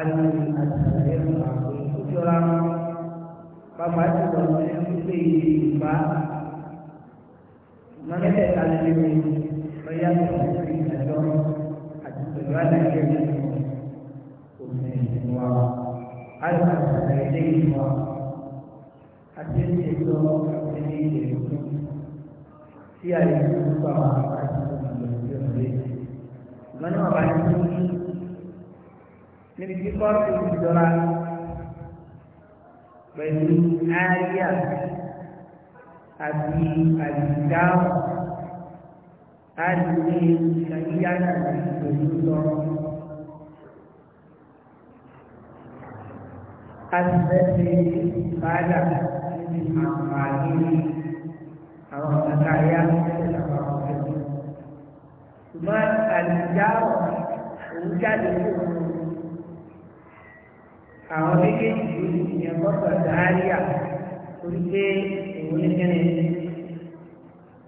àti àtìlẹ́yìn àpò ìjọra wọn bàbá ti lọ sí ẹgbẹ́ ìgbà mọ́lẹ́tẹ̀ kálí mi lọ́yà tó ti ìdájọ́ àti pẹ̀lú àdájọ́ ìlú òfin ìlú wa àti àtìlẹ́yìn ìlú wa àti ìṣèjọ ìlú ìlú tí a lè fi gbà wọn àti ìlú ìlú ìlú. Mọ́lẹ́wọ̀n bá ti tó yí níbi tí kọ́ọ̀tù ti jọra pẹ̀lú àríyá àti àdìdáwọ̀ àdìdé àyíyá náà pẹ̀lú lọ́rọ̀. Àtìlẹ́sẹ̀ ìbáàdà nínú àǹfààní àwọn ọ̀gá ayá àwọn ọ̀gá ẹ̀dùn. Ṣùgbọ́n àdìdáwọ̀ òun jáde fún un àwọn méjèèjì ló ti yẹn gbọ́dọ̀ dáríà torí pé òun ní kíni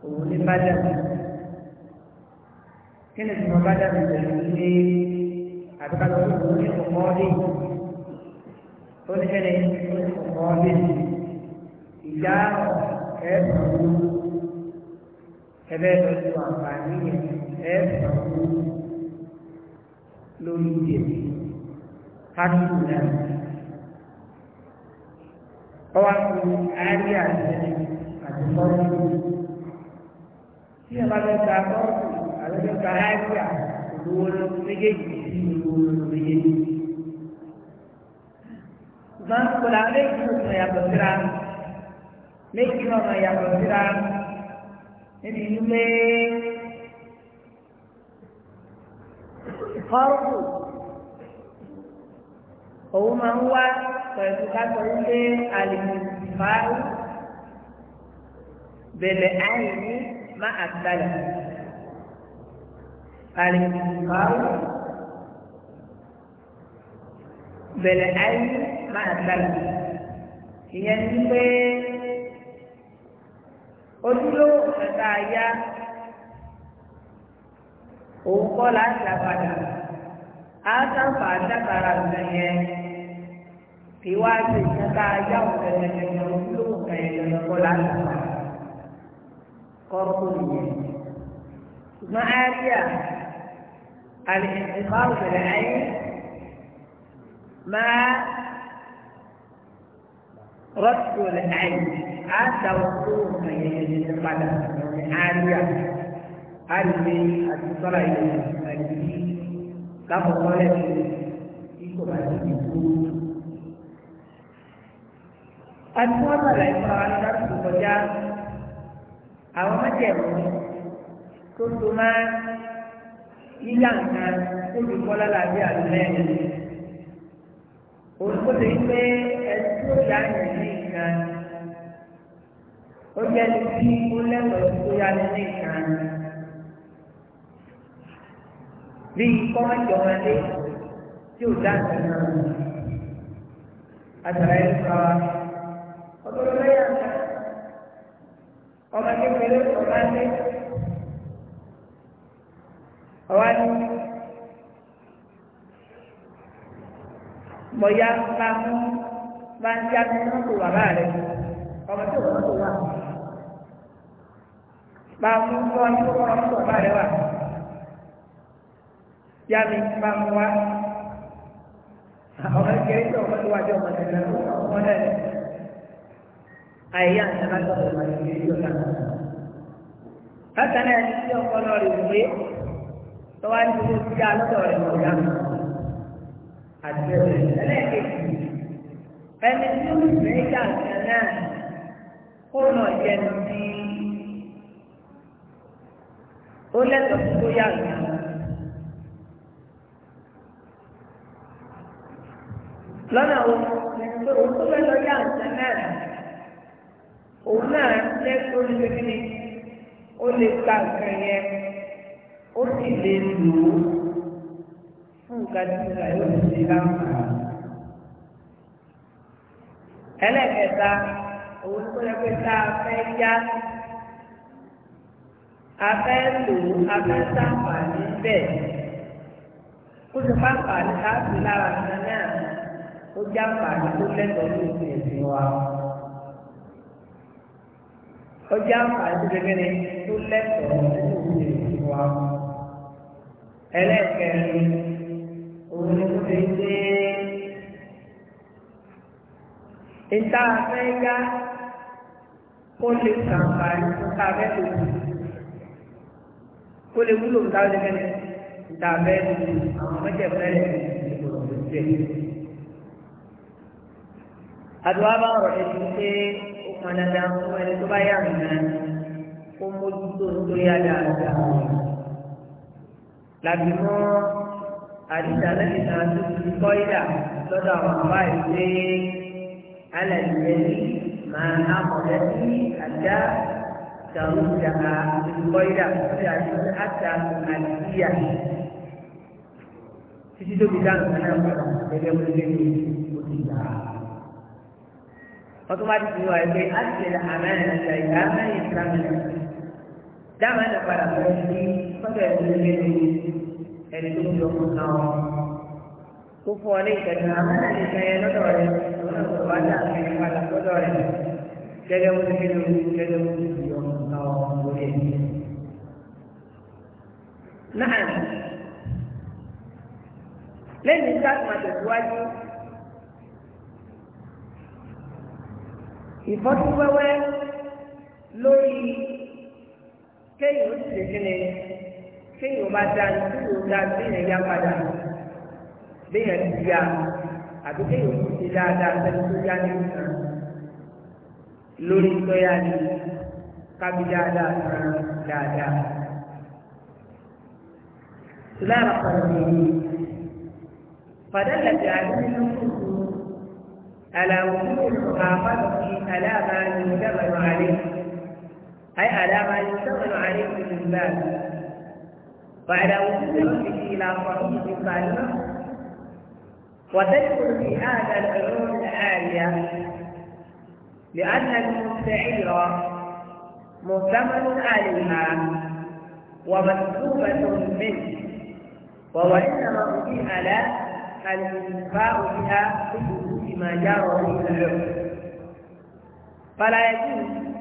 òun ní bájà mi kíni tí mo bájà mi bẹ̀rẹ̀ ní àbíkálọ̀ òun ní kọ̀kọ́ dé ó ní kíni ó ní kọ̀kọ́ ẹ̀ẹ́dùn ẹ̀bẹ́ lọ́jọ́ àǹfààní ẹ̀ẹ́dùn lórí ìdè kásìkò náà ọwọ́ kò árí àtẹ́lẹ́ àti sọ́ọ̀tù tí ẹ bá fẹ́ ta sọ́ọ̀tù àlọ́jọ́ ta árí à olówó lọ méjèèjì sí olówó lọ méjèèjì. ṣùgbọ́n kò láwọn méjì náà yàtọ̀ síra méjì náà yàtọ̀ síra níbi ìlú pé òun máa ń wá pẹ̀lú kákọ wípé àlìmùfáàrù bẹ̀rẹ̀ àìní má àgbàlà àlìmùfáàrù bẹ̀rẹ̀ àìní má àgbàlà ìyẹn ni pé ojúlówó kẹta ya òun kọ́ láti àpàdà á sáfà dábàrà nìyẹn. kì í wá sí ìṣẹ́ tá a yá òun ẹ̀ẹ́dẹ̀gbẹ̀rún lówó kan ẹ̀ẹ́dẹ̀gbẹ̀rún kọ́ láti kọ́ kó nìyẹn. ṣùgbọ́n àríyá الانتقام بالعين مع رد العين حتى وقوف القدم عالية قلبي اتصل إلى قلبي كم قلبي يكون àti wọ́n bàlá ìfúnra wa láti tó kọjá àwọn mẹ́tẹ̀ẹ̀mú tó tó máa yíyá nǹkan tó fi kọ́ lálàbí àlùmẹ́ olùkóso yìí pé ẹtí ó yá ní ní nǹkan ó jẹ́ ní ó lẹ́wọ̀ọ́ tó yá ní ní nǹkan bí kọ́mọ̀jọ́ máa lé tí ó dá nǹkan náà àtàrà ẹ̀ fà wá olùgbéyàwó ọmọ kékeré ọba lé ọba ní mọ̀yá bá mú bá ń já mú mọ́tò bàbá rẹ̀ ọmọ tó wọ́n tó wà bá mú bọ́ ní kókó ọmọ tó bàbá rẹ̀ wà yá mi bá mú wá ọmọ kékeré tó ọmọ tó wájú ọmọ tẹ̀lé ọmọ náà àyà ìjọba sọ̀rọ̀ ìmọ̀lẹ́ ìlú ìjọba náà. bákan náà ní tí ọpọlọ rẹ̀ wé tó wá ní ìlú ìjà lọ́dọ̀ rẹ̀ mọ̀ ìyá mi. àti ẹlẹ́ẹ̀kejì ẹni tí ó sì fẹ́ ìjà kan náà kó nà jẹnu sí ó lẹ́tọ̀ọ́ fún tó yà lọ́wọ́. lọ́nà wo ni tó fẹ́ lọ yà ń òun náà lẹ́ olùgbé kíni ó lè gba nǹkan yẹn ó sì lè lò ó fún nǹkan tí ìgbà yóò ṣe láǹfààní. ẹlẹ́kẹta òun tó yẹ pé tá a fẹ́ yá a fẹ́ lò ó a fẹ́ sàǹfààní bẹ́ẹ̀ kó tó bá láti lára nǹkan náà ó já tó lẹ́tọ̀ọ́ ní ìsìn wa ọjà àǹfààní gẹ́gẹ́ ni tó lẹ́tọ̀ọ́ nínú òwe ìwà ẹlẹ́kẹ̀rin òun ni wọ́n ti dé ìta afẹ́yá kó lè sàǹfààní níta abẹ́ tó kù kó lè wúlò níta abẹ́ gẹ́gẹ́ ni níta abẹ́ tó kù àwọn mẹ́tẹ̀ẹ̀fẹ́lẹ̀ àdúrà bá ọ̀rọ̀ ẹ̀sìn wọn dandan fún ẹni tó bá yà mí náà kó mójútó tó yá dáadáa làbí mọ́ àdìsá lẹ́yìn náà tó ti kọ́ ìdá lọ́dọ̀ àwọn àbá ìwé alẹ́ ìrẹ́lì máa ń amọ̀lẹ́ sí àdá tàrúdàá ìkọ́ ìdá lórí àdìsá àtà àdìsíyà títí tó dáhùn náà pẹ̀lú ẹgbẹ́ wọlé ní òdìgbà wọ́n bá ti fi wá ẹgbẹ́ àtìlẹ̀ àmẹ́rin àti ìyá àmẹ́rin ìsìlámù dáhùn ẹ̀dá padà bẹ̀rẹ̀ sí kọ́tà ẹ̀dùn lẹ́nu ẹni tó ń lọ́kùn náà wọn. kó fún ọ ní ìtẹ̀sí àmẹ́rin ìsẹ̀yẹ lọ́dọ̀ rẹ̀ lọ́dọ̀ tó bá dà ẹ̀yìn padà lọ́dọ̀ rẹ̀ gẹ́gẹ́ bó ti kéde ojú gẹ́gẹ́ bó ti fi ọkùn ìfọ́túwẹ́wẹ́ lórí kéèyàn ó sì lè kíni kéèyàn bá dá ní kí ló dá béèyàn yá padà béèyàn ti yá àbí kéèyàn ó sì ti dáadáa sẹ́ni tó yá ní ìtàn lórí tọ́yá ni kábí dáadáa san dáadáa. Sùlára pàdé yìí, fàdé lẹ́tẹ̀ على وجود مخافته على ما يشتغل عليه أي على ما يشتغل عليه من باب وعلى وجود ربه إلى صحيح الصالحة وتدخل في هذا العلوم العالية لأن المستعير مؤتمن عليها ومكتوبة منه وهو إنما لا له الانفاء بها في ما جرى به العرف فلا يجوز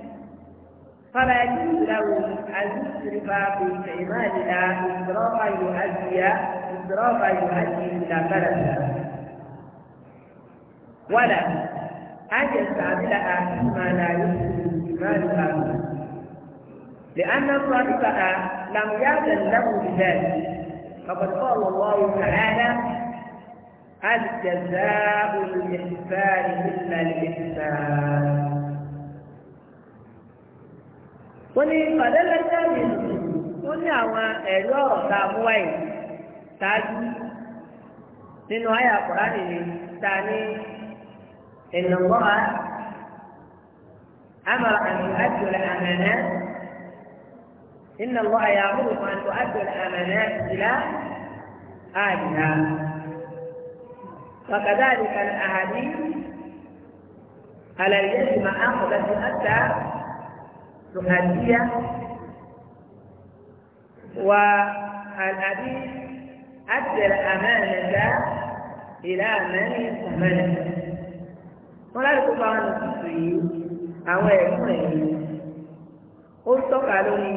فلا يجوز له أن يسرف في إيمانها إسرافا يؤدي إسرافا يؤدي إلى بلدها ولا أن يستعملها فيما لا يسرف استعمالها لأن صاحبها لم يأذن له بذلك فقد قال الله تعالى الجزاء الإحسان إلا الإحسان wọ́n ní ìpàdélé sẹ́yìn ó ní àwọn ẹ̀rí ọ̀rọ̀ tá a mú wáyé ṣáájú nínú àyà kùránì ni ta ní ìnàgbọ́ra amara àmì àjòlè àmàlẹ́ ìnàgbọ́ àyà àmúlùmọ́ àjòlè àmàlẹ́ ìlà àdìyà. وكذلك الأحاديث على اليد ما أخذت حتى تهدية والحديث أدى الأمانة إلى من أمانة ولا يقبل أن تسوي أو يكون ó tọ́ka lórí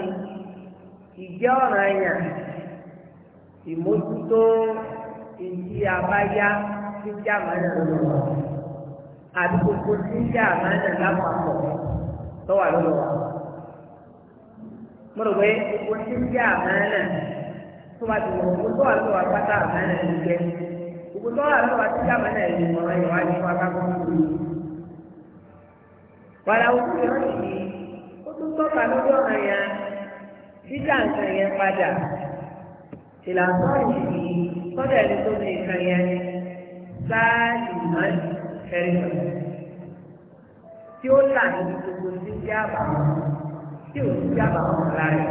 ìjẹ́ ọ̀ràn ẹ̀yàn ìmójútó ìdí àbáyá ti ń jẹ́ àmàlà lọ́wọ́ wa àbí gbogbo ti ń jẹ́ àmàlà lápapọ̀ lọ́wọ́ lọ́wọ́ wa. mo rò pé gbogbo ti ń jẹ́ àmàlà tó bá ti wọ̀ gbogbo tó wà lọ́wọ́ apáta àmàlà ló jẹ́ gbogbo tó wà lọ́wọ́ ti ń jẹ́ àmàlà yìí mọ̀ ẹ̀ wá ní wàá kákó lórí. wàrà òkú ìrántí ó tún tọ́ka lórí ọ̀ràn yẹn títà nǹkan yẹn padà ìlànà ìsìn sọ́dọ̀ ẹni tó ní nǹkan yẹn sáàlìmọ́ ẹ̀rìnà tí ó là ní gbogbo tí ó jẹ́ àbàwọ́n tí ò ní jẹ́ àbàwọ́n lára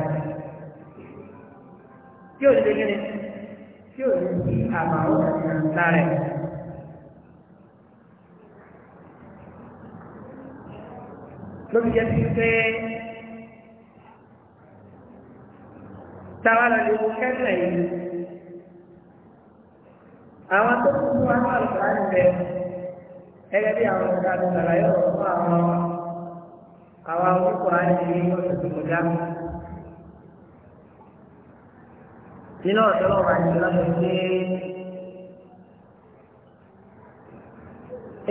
tí ò ní gbẹ́gẹ́rẹ́ tí ò ní sí àbàwọ́n lára lórí jẹ́ sí pé táwa lọ lè wo kẹ́sàn yìí àwọn tó kú wá ní àlùkò àìbẹ gẹ́gẹ́ bí àwọn ọ̀gá àti sàlàyé ọ̀rọ̀ fún àwọn àwọn akókò àìbẹ ní oṣù tó kọjá. nínú ọ̀dọ́ lọ́wọ́ àìbẹ lọ́dọ̀ sí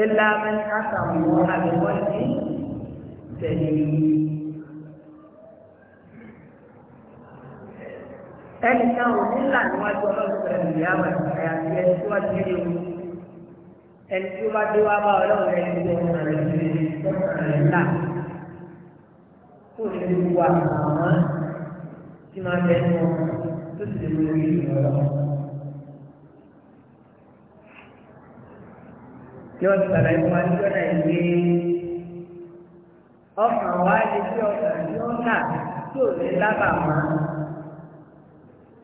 ilé abẹ́ni káṣà wọ́n àbẹ̀wọ́ ìdí tẹ̀lé. ẹnì kan ò ní là níwájú ọlọ́run pẹ̀lú ìyáàmà àyàfi ẹni tí wọ́n ti rí ewu ẹni tí ó bá dé wá bá ọlọ́run rẹ̀ ti rí ọmọ rẹ̀ ti rí rẹ̀ là kó lè lu wa àmọ́ tí máa bẹ ẹnu ọmọ tó sì lè lu orí ìlú ọlọ́run. yóò sọ̀rọ̀ ìwà níjọ́ náà ìwé ọkàn wa lè fi ọkàn yóò kà lè lábàá máa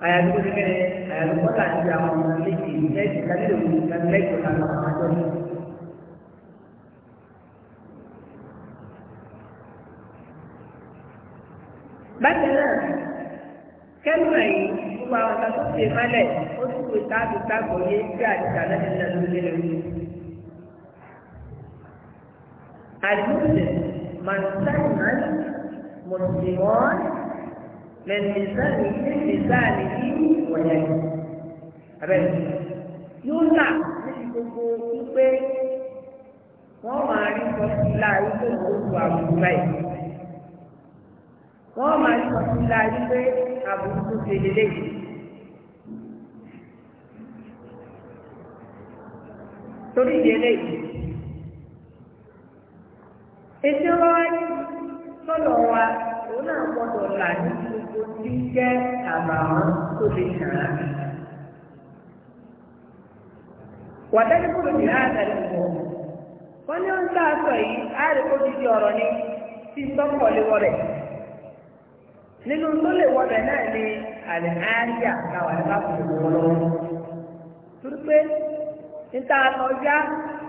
àyàtò tó kékeré àyàtò kọ́tà àti àwọn ọmọ ilé ìdílé ìdílé ìdílé ìdílé àwọn àjọ ní. bákan náà kẹ́míà yìí gbogbo àwọn ọ̀tá tó ṣe mọ́lẹ̀ ó sì wò táàbù táàbù yé sí àdìsá lẹ́nu náà lórí lórí. àdìsá màtí sáyẹn mọ̀tìmọ́ọ́nì lẹ́nìsáàlì lẹ́nìsáàlì yìí wọ̀nyẹ. Abẹ́rẹ́ yóò là níbi gbogbo wípé wọ́n máa rí sọ sí láàyè tó kó lu àbùkù báyìí. Wọ́n máa rí sọ sí láàyè pé àbùkù tó ṣe lélẹ́yìí. torí ìdí eléyìí ètò wa sọ̀rọ̀ wa òun náà gbọ́dọ̀ là ní gbogbo tí ń jẹ́ àbàwọ́n tó lè kàn án. wàdájú kúrò ní àtàrí ìwọ̀ wọ́n ní ó ń sá aṣọ yìí àárẹ̀ kó ti di ọ̀rọ̀ ni tí sọ́kọ̀ lè wọ rẹ̀ nínú tó lè wọ rẹ̀ náà ni àlẹ́ àríyá káwà ní bàbá òun lọ́wọ́ torí pé níta lọ yá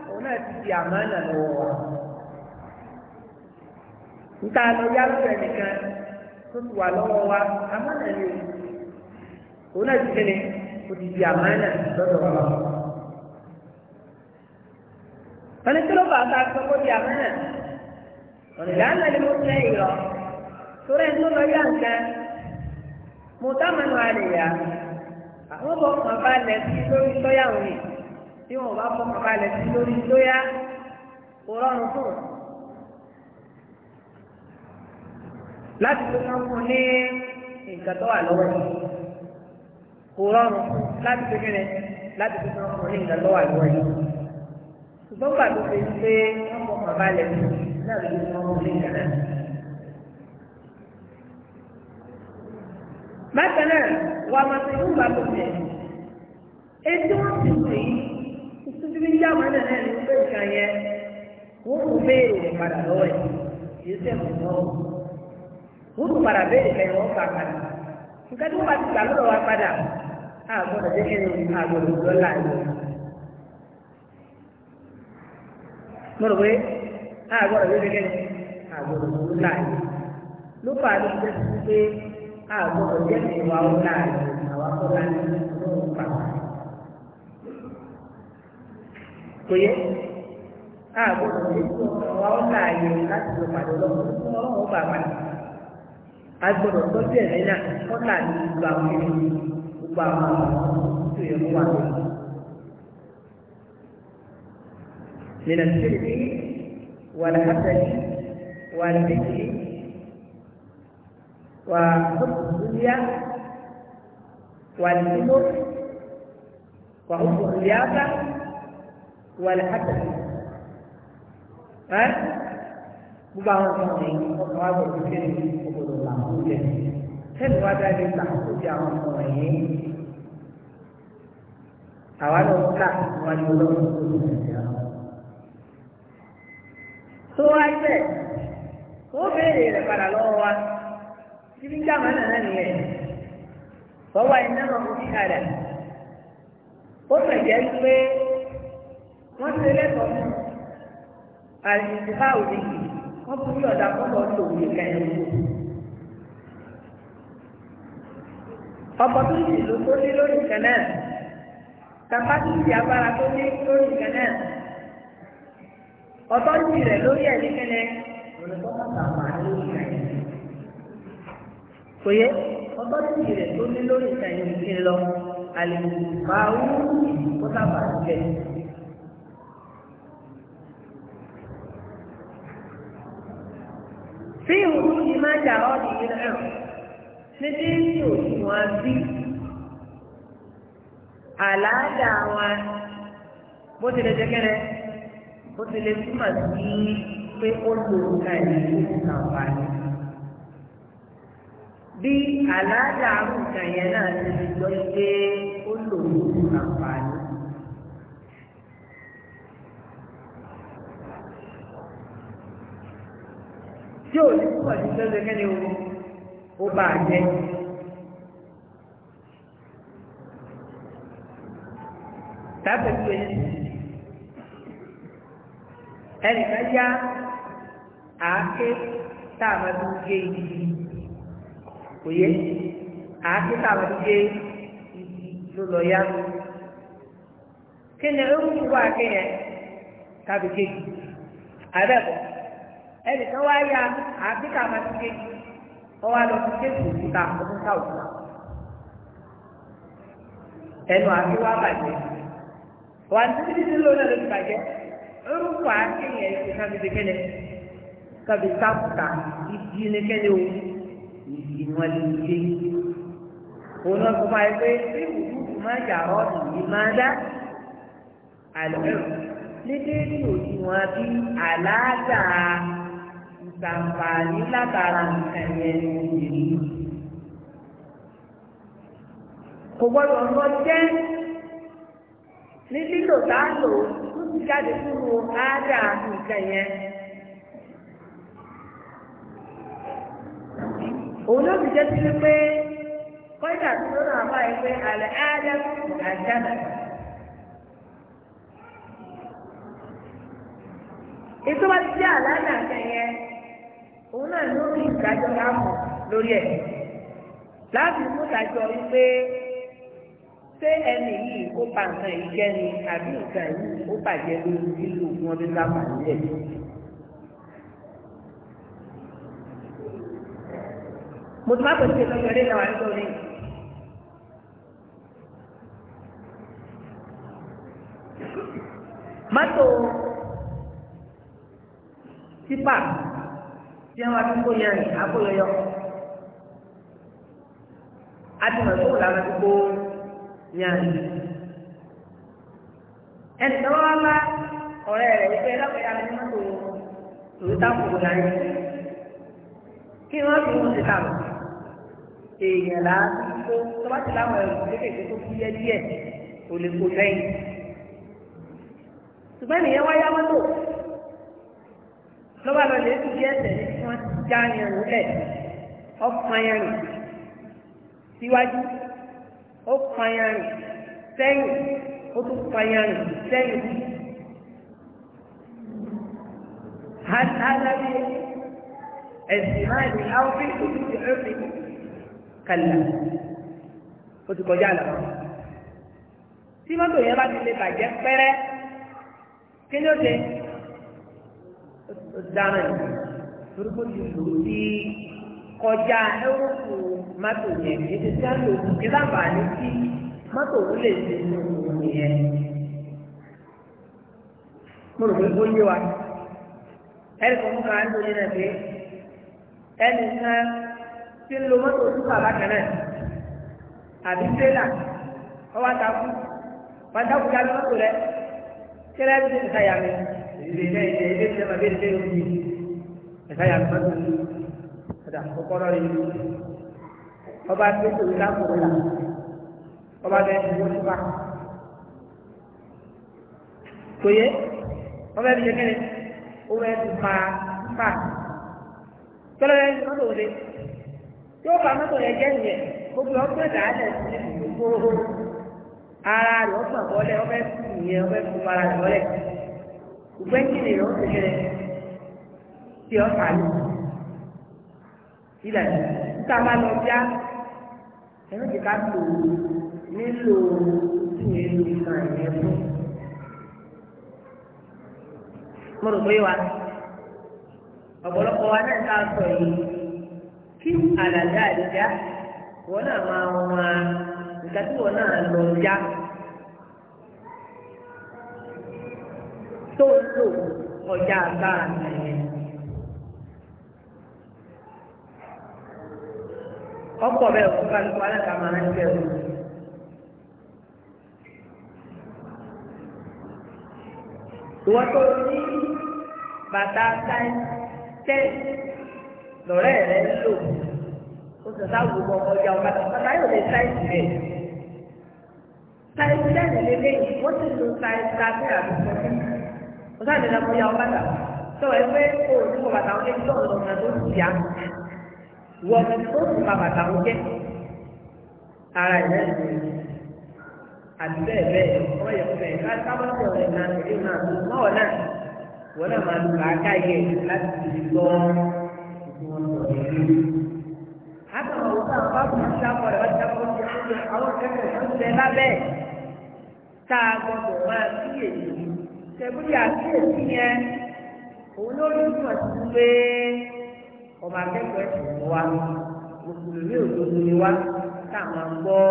òun náà ti di àmọ́ náà lọ́wọ́ wa níta lọ yálò ẹnìkan tó ti wà lọ́wọ́ wa amánà ni o òun náà ti kéde kò ti di amánà lọ́dọ̀ wa lọ. wọ́n ní kí ló bàa ta sọ kó di amánà ọ̀nà ìlànà ni mo tẹ́ ìlọ torí ẹni tó lọ yá nǹkan mo dá mọ́nà àlèyà àwọn bọ̀ kàn bá lẹ̀ sí lórí sọ́yà òní tí wọ́n bá fọ́ kàn bá lẹ̀ sí lórí sọ́yà kò rọrùn fún un. láti tó máa ń fún ní nǹkan tó wà lọ́wọ́ yìí kò rọrùn láti tó kí ni láti tó máa ń fún ní nǹkan tó wà lọ́wọ́ yìí ṣùgbọ́n gbà tó fi pé wọ́n mọ bàbá lẹ̀ náà ló ti máa ń fún ní nǹkan náà. bákan náà wàá máa fi ń gbà tó tẹ̀ ètò wọn ti pè é tuntun bí yá wọn náà ní pé ìkànnì yẹn wọn kò béèrè padà lọ́wọ́ yìí kì í sẹ́kù náà wọ́n tún padà béèrè kẹyìn wọ́n fà padà nǹkan tí wọ́n bá ti gbà lọ́dọ̀ wa padà á gbọ́dọ̀ jẹ́ kẹ́yìn àgbọ̀dọ̀ lọ́la yìí. mo rò pé á gbọ́dọ̀ jẹ́ kẹ́yìn àgbọ̀dọ̀ lọ́la yìí. ló fà á ló ṣe pé á gbọ́dọ̀ jẹ́ kẹ́yìn wa ó láàyè àwa kó láàyè lọ́wọ́ pa. kò yẹ á gbọ́dọ̀ jẹ́ kẹ́yìn wa ó láàyè láti lọ lọ́wọ́ ọlọ́run ó bà padà. agbọ́dọ̀ tọ́jú ẹ náà kọ́tà ní gbogbo àwọn ẹni gbogbo àwọn àwọn tó yẹ kó wà lọ. nínú sílẹ̀ wàlàkàtàlì wàlàkàtàlì wà ọ̀pọ̀lọpọ̀ والكبر وحب الرياضة والحسد ها gbogbo àwọn ọmọ mi ọkàn wa gbọ́dọ̀ kí ni òbòdò là ń jẹ sẹ́ni wá dáadé là ń kó di àwọn ọmọ wọ̀nyí àwa lọ ká wọn ni olóhùn tó lù ní ìjà tó wá ibẹ̀ ó béèrè rẹ̀ padà lọ́wọ́ wa ibi ń jàmọ́ nàná nìyẹn bọ́wọ́ iná lọ fún kíkàdà ó fẹ̀jẹ̀ pé wọ́n ti lẹ́kọ̀ọ́ mọ́ àìsíkà òdìkì wọ́n fún yí ọ̀dà kọ́kọ́ tó wù kẹ́yìn ọ̀pọ̀ tó sì lò tó ní lórí kẹ́nẹ́ kapásítì abára tó ní lórí kẹ́nẹ́ ọ̀tọ́ jì rẹ̀ lórí ẹ̀ ní kẹ́nẹ́ olùkọ́ bàbá wà lórí kẹ́yìn kò yẹ ọ̀tọ́ jì rẹ̀ tó ní lórí kẹ́yìn kí n lọ àlè báwù kó sábà kẹ́yìn. fi ìwúrú yìí máa jà ọ́ nìyí náà ní tí ń tí òṣùwọ̀n bí àlàáda wọn bó ti lè jẹ́kẹ́rẹ́ bó ti túmọ̀ sí pé ó lò nǹkan ìlú àǹfààní. bí àlàáda nǹkan yẹn náà ti lè pé ó lò nǹkan àǹfààní. tí ò ní púpọ̀ ní sẹ́sẹ̀ kẹ́ni o ó bà á jẹ́. Tábìlì tó yẹ ẹnìkan yá àáké tá a máa a máa gé igi ló ẹnìkan wá ya àbíkà máa ti ké wọ́n lọ sí kéèkì òkúta òkúta òkúta ẹnu àbí wá bàjẹ́ wà ní títí tí lónà ló ti bàjẹ́ orúkọ akéèyàn ẹ̀sìn náà bíbi kẹ́lẹ́ sáfùtà ìdí kẹ́lẹ́ o ìdí wọn lè ṣe òun náà kó máa pé bí máa yà ọ́ ìdí máa dá àlọ́ ní déédéé bí àlàáfíà. gbàǹfààní látara nǹkan yẹn nìyí. kò gbọ́dọ̀ lọ jẹ́ ní lílò tá a lò ó ti jáde nínú ádà nǹkan yẹn. òun ló ti jẹ́ sí pé kọ́ńtà tó lọ́nà àbáyé pé àlẹ́ ádà àjàdà. ètò bá ti jẹ́ àlànà kan òun náà ló rí ìdájọ́ láàmú lórí ẹ̀ láti mú ìdájọ́ wípé ṣé ẹni yìí ó ba nǹkan yìí jẹ́ ni àbí nǹkan yìí ó bàjẹ́ lórí lílo wọn bí láàmú lórí ẹ̀. mo ti má pèsè ìtọ́jọ́lé náà wà nítorí. mọ́tò tipa tí wọ́n ti kó yẹn rìn àpò yọyọ. a ti mọ̀ tó làwọn ti kó yẹn rìn. ẹnì kan wá bá ọ̀rẹ́ rẹ̀ wípé lọ́pọ̀ yàrá ni wọ́n tó tòun táwọn kò yára yẹn. kí wọ́n fi wọ́n ti kà mọ́ èèyàn là á ti kó tó bá ti láwọn ẹrù kéékèèké tó fi yẹ díẹ̀ kò lè kó lẹ́yìn. ṣùgbọ́n ènìyàn wáyá mọ́tò lọ́wọ́ lọ lè fi ẹsẹ̀ ní já yẹn lẹ̀ ọkàn yẹn rìn síwájú ó sẹ́yìn ó sẹ́yìn. هذا الزمان أو في كل عرف كلا ó ti kọjá lọ. tí mọ́tò yẹn bá ti lè bàjẹ́ pẹ́rẹ́ kí ló dé? ó ti dáná yìí torí kó ti lò sí kọjá ẹwọ́pù mọ́tò yẹn ètò tí a lò ó kí lábàá ní kí mọ́tò ó lè ṣe ìṣòro yẹn. mo rò pé ó yé wa ẹnì kan mú kàá ń lò nínú ẹgbẹ́ ẹnì kan ń lo mọ́tò tó kà náà àbí tírélà ọwọ́ àtàkù wọ́n dákú dá lọ́tò rẹ̀ tírélà bí ti yà mí ìdílé ìdílé ìdílé ìdílé ìdílé ìdílé ìdílé ẹ̀ka yà máa ń lu ọ̀dà kọ́kọ́rọ́ rẹ̀ lu ọba tó tòun lápòrò la ọba bẹ ẹ̀dínwó nípa tó yẹ ọba ẹ̀dínwó kékeré owó ẹ̀dínwó pa pa tọ́lá yẹn ti mọ́tò wọlé yóò fa mọ́tò yẹn jẹ́ ìyẹn gbogbo ọgbẹ́ dàálẹ̀ sí gbogbo ara rẹ̀ ọgbà bọ́lẹ̀ ọbẹ̀ fún ìyẹn ọbẹ̀ fún ara rẹ̀ bọ́lẹ̀ gbẹ́ńkì nìyẹn ó ti kéré tí ọ kà ní ilẹ̀ tá a lọ bíá ẹ̀rọ ti ká tó nílò tí mi lò ìtàn ẹ̀yẹ mo rò pé wa ọ̀pọ̀lọpọ̀ wa náà ká sọ yìí kí àdàdà àdìjá wọn náà máa wọn nǹkan tí wọn náà lọ bíá. tó ń lò ọjà àgbà àgbà yẹn. ọ̀pọ̀ bẹ́ẹ̀ òkú kálukú alága máa ń tẹ̀ ọ́. ìwọ́n tó ní bàtà sáńtẹ́ lọ́rẹ́ rẹ̀ lò ó sì sáwù gbogbo ọjà ọ̀gá tó bàtà yóò lè sáìsì rẹ̀. sáìsì lẹ́yìn lélẹ́yìn wọ́n sì lo sáìsì àti àdúgbò. ọ̀sán ìdílé ọmọ ya ọ̀gá tó ẹ pé kó o ní kó bàtà wọn lé tó ọ̀nà tó ti yá wọ́n tó ń fa bàtà wọn jẹ́ ara ìyá ìlú àti bẹ́ẹ̀ bẹ́ẹ̀ wọ́n yẹ fún ẹ̀ ká sábàtì ọ̀rẹ́ náà ìdí náà mọ́wọ́ náà wọ́n náà máa lu àáká yẹ láti fi gbọ́ ìgbọ́n ọ̀rẹ́ yìí. àtàwọn ọ̀gá àwọn bá fún ìṣá pọ̀ lọ́wọ́ ìṣá pọ̀ lọ́wọ́ àwọn kẹ́kọ̀ọ́ tó ń bẹ lábẹ́ tá a gbọ́dọ̀ máa kíyèsí tẹ̀gbọ́n yà kíyèsí yẹn òun ló ń tọ̀ ọmọ akẹ́kọ̀ọ́ ẹ̀sìn ni wá mùsùlùmí òdodo ni wá tá a máa ń gbọ́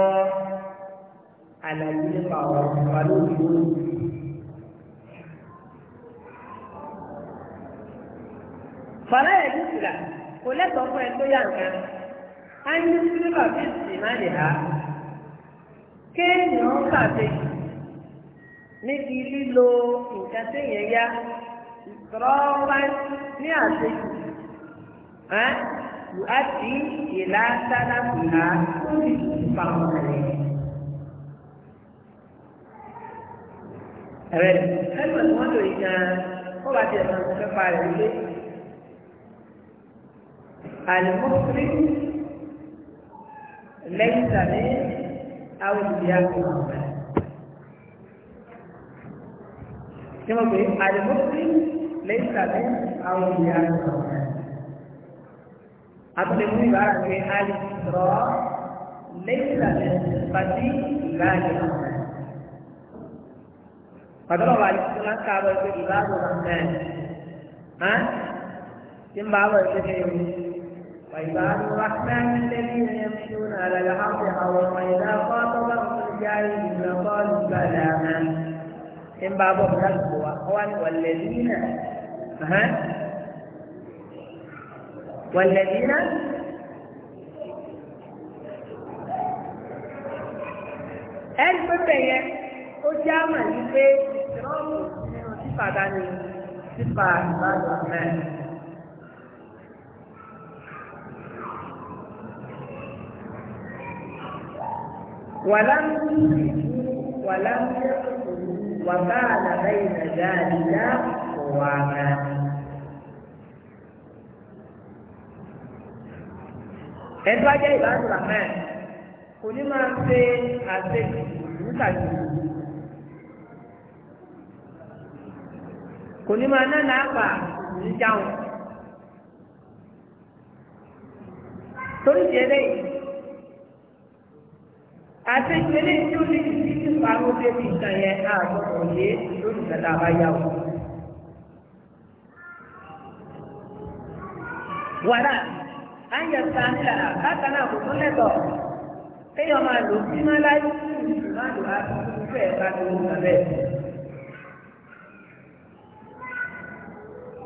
àlàyé nípa ọ̀rọ̀ ìfà lórí lórí. fàlẹ́ ẹ̀ ní ìlà kò lẹ́tọ̀ọ́ fún ẹ tó yá nǹkan á ní sílíbà bí ìsìn má lè há kéèyàn kàdé níbi lílo nǹkan téèyàn yá rọ́ọ̀bá ní àṣejù يؤدي إلى سلفنا فقط ẹ̀rẹ́ ẹgbẹ́ tí wọ́n lò yìí gan-an ó bá tiẹ̀ máa ń fẹ́ pa rẹ̀ lé àlùmọ́sí lẹ́yìn tàbí àwọn ìdílé àkọ́kọ́ ọ̀gbẹ́. Tí wọ́n pè àlùmọ́sí lẹ́yìn tàbí àwọn ìdílé àkọ́kọ́ ọ̀gbẹ́. أقلموا عبارة في حال الإسراء ليس للصفة لازمة فضرب على السنة كعبة عباد الرحمن ها؟ كم بعض الشيخين وعباد الرحمن الذين يمشون على الأرض هوا وإذا خاطبهم الجاهلون قالوا سلاما كم بعض الرحمن والذين ها؟ والذين ẹni pé bẹ̀yẹ ó jẹ́ àmà yìí pé ìrọ́mù nínú sífà dání sífà ìbádùn mẹ́rin. ولم ولم يقتلوا وكان بين ذلك قواما ẹ̀tọ́ ajẹ́ ìbáraẹni rahman kò ní máa ń ṣe àṣejù nítàjú kò ní máa náà náà fà chere jáwọn torí ìdílé àṣejù eléyìí tí ó ní ìdí tí ìparun débi ìtàn yẹn àgbọ̀n òye lórí á yẹ sani la bákan náà kò tún lẹ́tọ̀ kéèyàn máa lò sí máa láyé kí máa lò á fẹ́ bá tó wù bẹ́ẹ̀.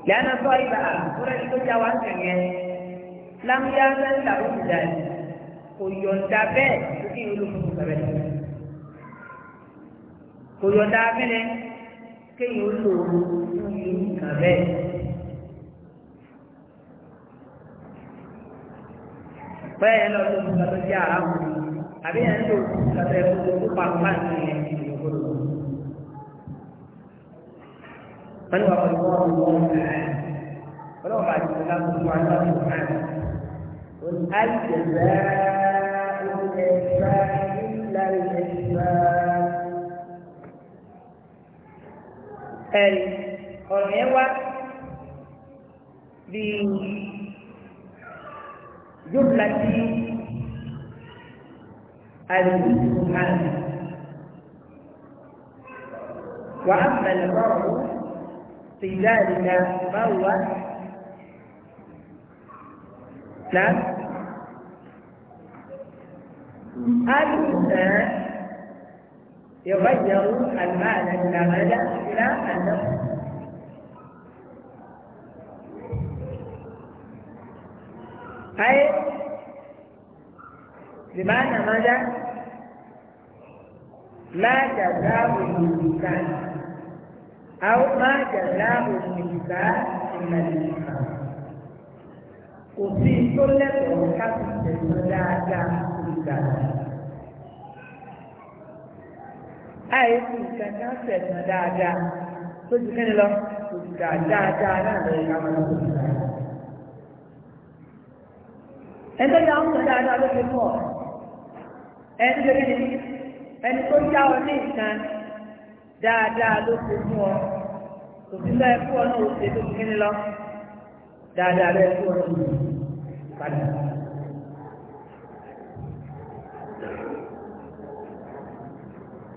lẹ́yìn sọ ibà kúrẹ́ tó já wa ń tẹ̀yẹ lámúyá sẹ́ni làwọn ti dà kò yọ̀ǹda bẹ́ẹ̀ tó kí olùkọ́ bẹ̀rẹ̀ kò yọ̀ǹda abẹ́rẹ́ kéèyàn ó lò ó fún yìí kà bẹ́ẹ̀. bẹ́ẹ̀ yẹn lọ́ọ́ tó ń sọ sí àràmù àbí yẹn tó ń sọ sí ẹ̀kọ́ tó pa pàǹtí yẹn ní ìgbòho. wọ́n ní wàá fọ́ ìwọ́n ọ̀hún ọlọ́wọ́ bá ti sọ́lá fún wa lọ́wọ́ fún wa. الجزاء الإحسان إلا الإحسان أي أرميوا جملة الإبهام وأما الفرع في ذلك فهو لا الإنسان يغير المال إلى غدا إلى النفس أي بمعنى ماذا؟ لا جزاء الإنسان أو ما جزاء الإنسان إلا الإنسان وفي كل حق الملاكة الإنسان àìsí nǹkan kan fẹ̀sán dáadáa tó ti kẹ́ni lọ kò sì dáadáa náà lọ́yẹ̀ká máa ń lọ sí i. ẹgbẹ́ yà ń sọ̀rọ̀ dáadáa ló fi pọ̀ ẹni tó kí ni ẹni tó yá ọ ní nǹkan dáadáa ló fi mú ọ kò sí lọ ẹkú ọ náà ó ṣe tó kí ni lọ dáadáa lọ ẹkú ọ náà padà.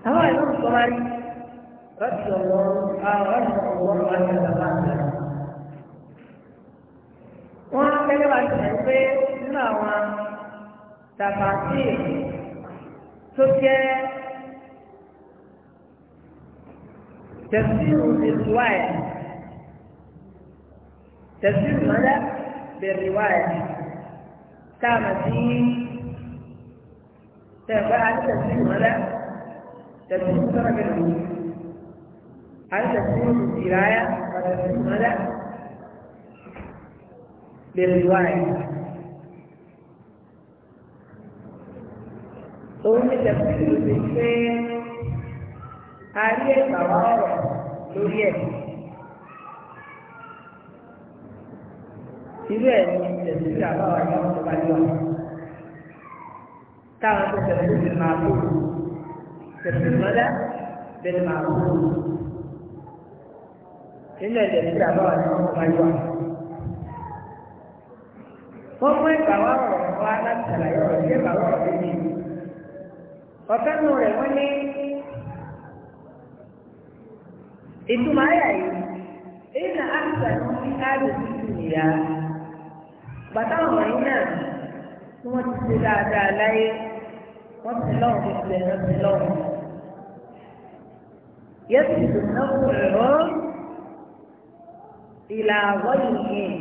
àwọn ìlú sọmarí rọ́bì ọ̀wọ́ àwọn ọ̀wọ́ wọn ti sàmà àgbà. wọ́n á kẹ́lẹ́ wá sí ẹ̀ pé nínú àwọn tàbátì tó jẹ́ tẹ̀síwù ìrìwáyà tẹ̀síwù mọ́lá bẹ̀rìwáyà táàmà sí tẹ̀gbá àti tẹ̀síwù mọ́lá tẹ̀síwù sọ̀rọ̀ bẹ̀rù àti tẹ̀síwù ìrìwáyà àti tẹ̀síwù mọ́lá bẹ̀rìwáyà. òun ní tẹ̀síkì ló ti pé a rí ẹ̀gbà wá ọ̀rọ̀ lórí ẹ̀. irú ẹ̀ ní tẹ̀síkì àbáwá ní ọ̀rọ̀ tó bá yọ. táwọn tó tẹ̀síkì máa kú tẹ̀síkì mọ́lá bẹ́ẹ̀ máa kú. nínú ẹ̀ tẹ̀síkì àbáwá ní ọ̀rọ̀ tó bá wọ́n mú ẹ̀gbà ọ̀rọ̀ wá láti ṣàlàyé ọ̀rọ̀ ìgbà wá ọ̀rọ̀ ọ̀kan nù rẹ̀ wọ́n ní ìtumọ̀ ayà yìí èyí nà áṣà ní wọ́n ní káàdì tuntun nìyà bàtà wọn yìí náà tí wọ́n ti ṣe dáadáa láyé wọ́n ti lọ́wọ́ fi tilẹ̀ náà ti lọ́wọ́ yẹ́sì tó náà kò rọ́ ìlà àwọ̀yìn yìí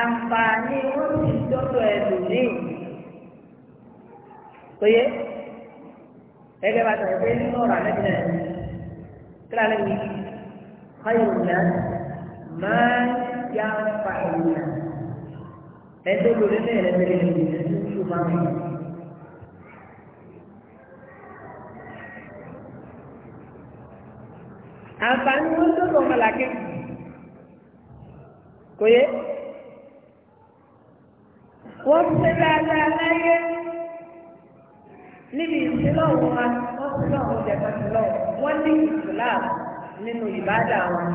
àǹfààní wọ́n ti dọ́dọ̀ ẹ̀lòmíì péye gẹ́gẹ́ bá tẹ̀lé pé nínú ọ̀rọ̀ alẹ́ bìnrin kílá lè wí káyọ̀ ìyá máa ń yá pa ìyá ẹgbẹ́ lórí náà ẹ̀rẹ́bẹ̀rẹ̀ ìyá tó ń ṣùgbọ́n àwọn ìyá. àǹfààní wọn tó lọ mọ̀láké kò yé wọ́n ti ṣe dáadáa láyé níbi ìsìlọ́wọ́ wa wọ́n fi lọ́wọ́ ọjà kan ti lọ́wọ́ wọ́n ní ìsìláàmù nínú ìbádà wọn.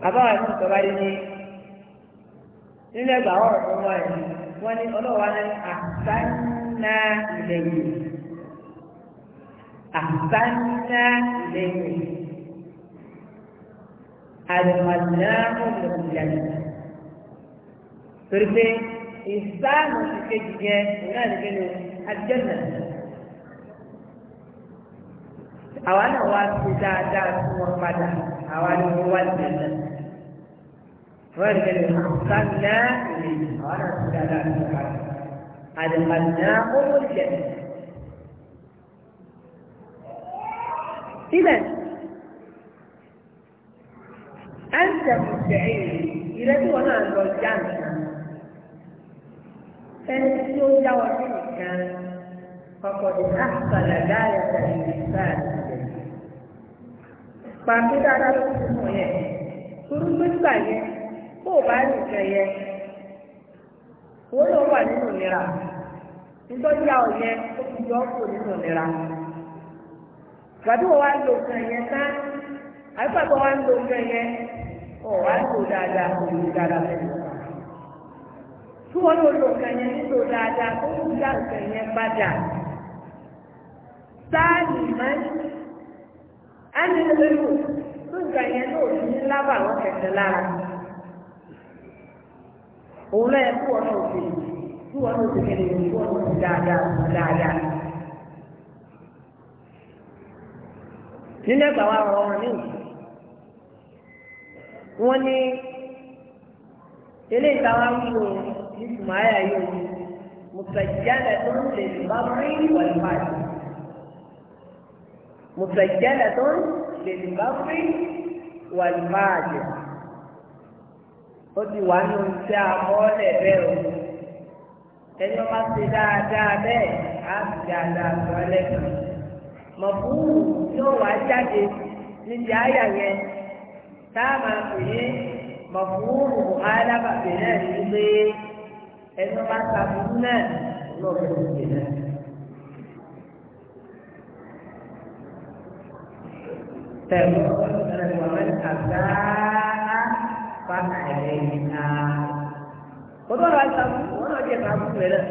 bàbá wa ti sọ báyìí ní nílẹ̀ gbà ọ̀rọ̀ tó wà yìí wọ́n ní ọlọ́wà ní àṣánná ilẹ̀ àṣánná ilẹ̀ yìí àlùmọ̀dé náà torí pé. إنسان وشكيك هنالك إنه الجنة أو أنا واسكي دا دا سور مدى أو أنا هو الجنة فرق إنه صلى إليه أو أنا دا سور مدى الجنة إذا أنت مستعين إلى أن تكون الجنة ẹni tí ó yá wa sí nìkan ọkọ̀ ní àpàlà ló ti mọ̀ yẹn torí gbígbà yẹn kó o bá rìn kẹ yẹn yẹn ó fi yọ ọ́ kó nínú ìlera. gbàdúrà wa ń lo nǹkan yẹn ká wa ń lo nǹkan yẹn ọ̀ wá dáadáa kò ní kí wọ́n lò lò nǹkan yẹn nílò dáadáa kó kú dá nǹkan yẹn padà. sáàlì máa ń á ní lérò tó nǹkan yẹn náà ò ní lábàá wọn kẹ̀kẹ́ lára. òun náà yẹ kí wọ́n náà fi kí wọ́n náà fi kẹ́lẹ́ yẹn kí náà dáadáa fi dáadáa. nílẹ̀ gbà wá rọ̀ wọn ní wọ́n ní eléyìí táwọn ń lò ó nítumọ̀ ayà yóò ní mùsàjálẹ̀ tó ń lè bá rí wàlúwàlú mùsàjálẹ̀ tó ń lè bá rí wàlúwàlú ó ti wà ní ohun tí a mọ́ ọ́lẹ̀ bẹ́ẹ̀ o ẹni ọba ṣe dáadáa bẹ́ẹ̀ á sì dáadáa sọ ẹlẹ́kùn mọ̀bùú yóò wá jáde níbi ayà yẹn tá máa pè é mọ̀bùú rùn álábàbẹ̀ náà ní pé ẹni bá ta fún náà lọ́ọ̀bẹ tó gbé náà. Tẹ̀lé ọ̀rẹ́ wa mẹ́rin àgbáá fa ẹ̀rẹ́ yìí náà. Wọ́n bá wàá ta fún wọn náà jẹ́ ta fún rẹ̀ náà.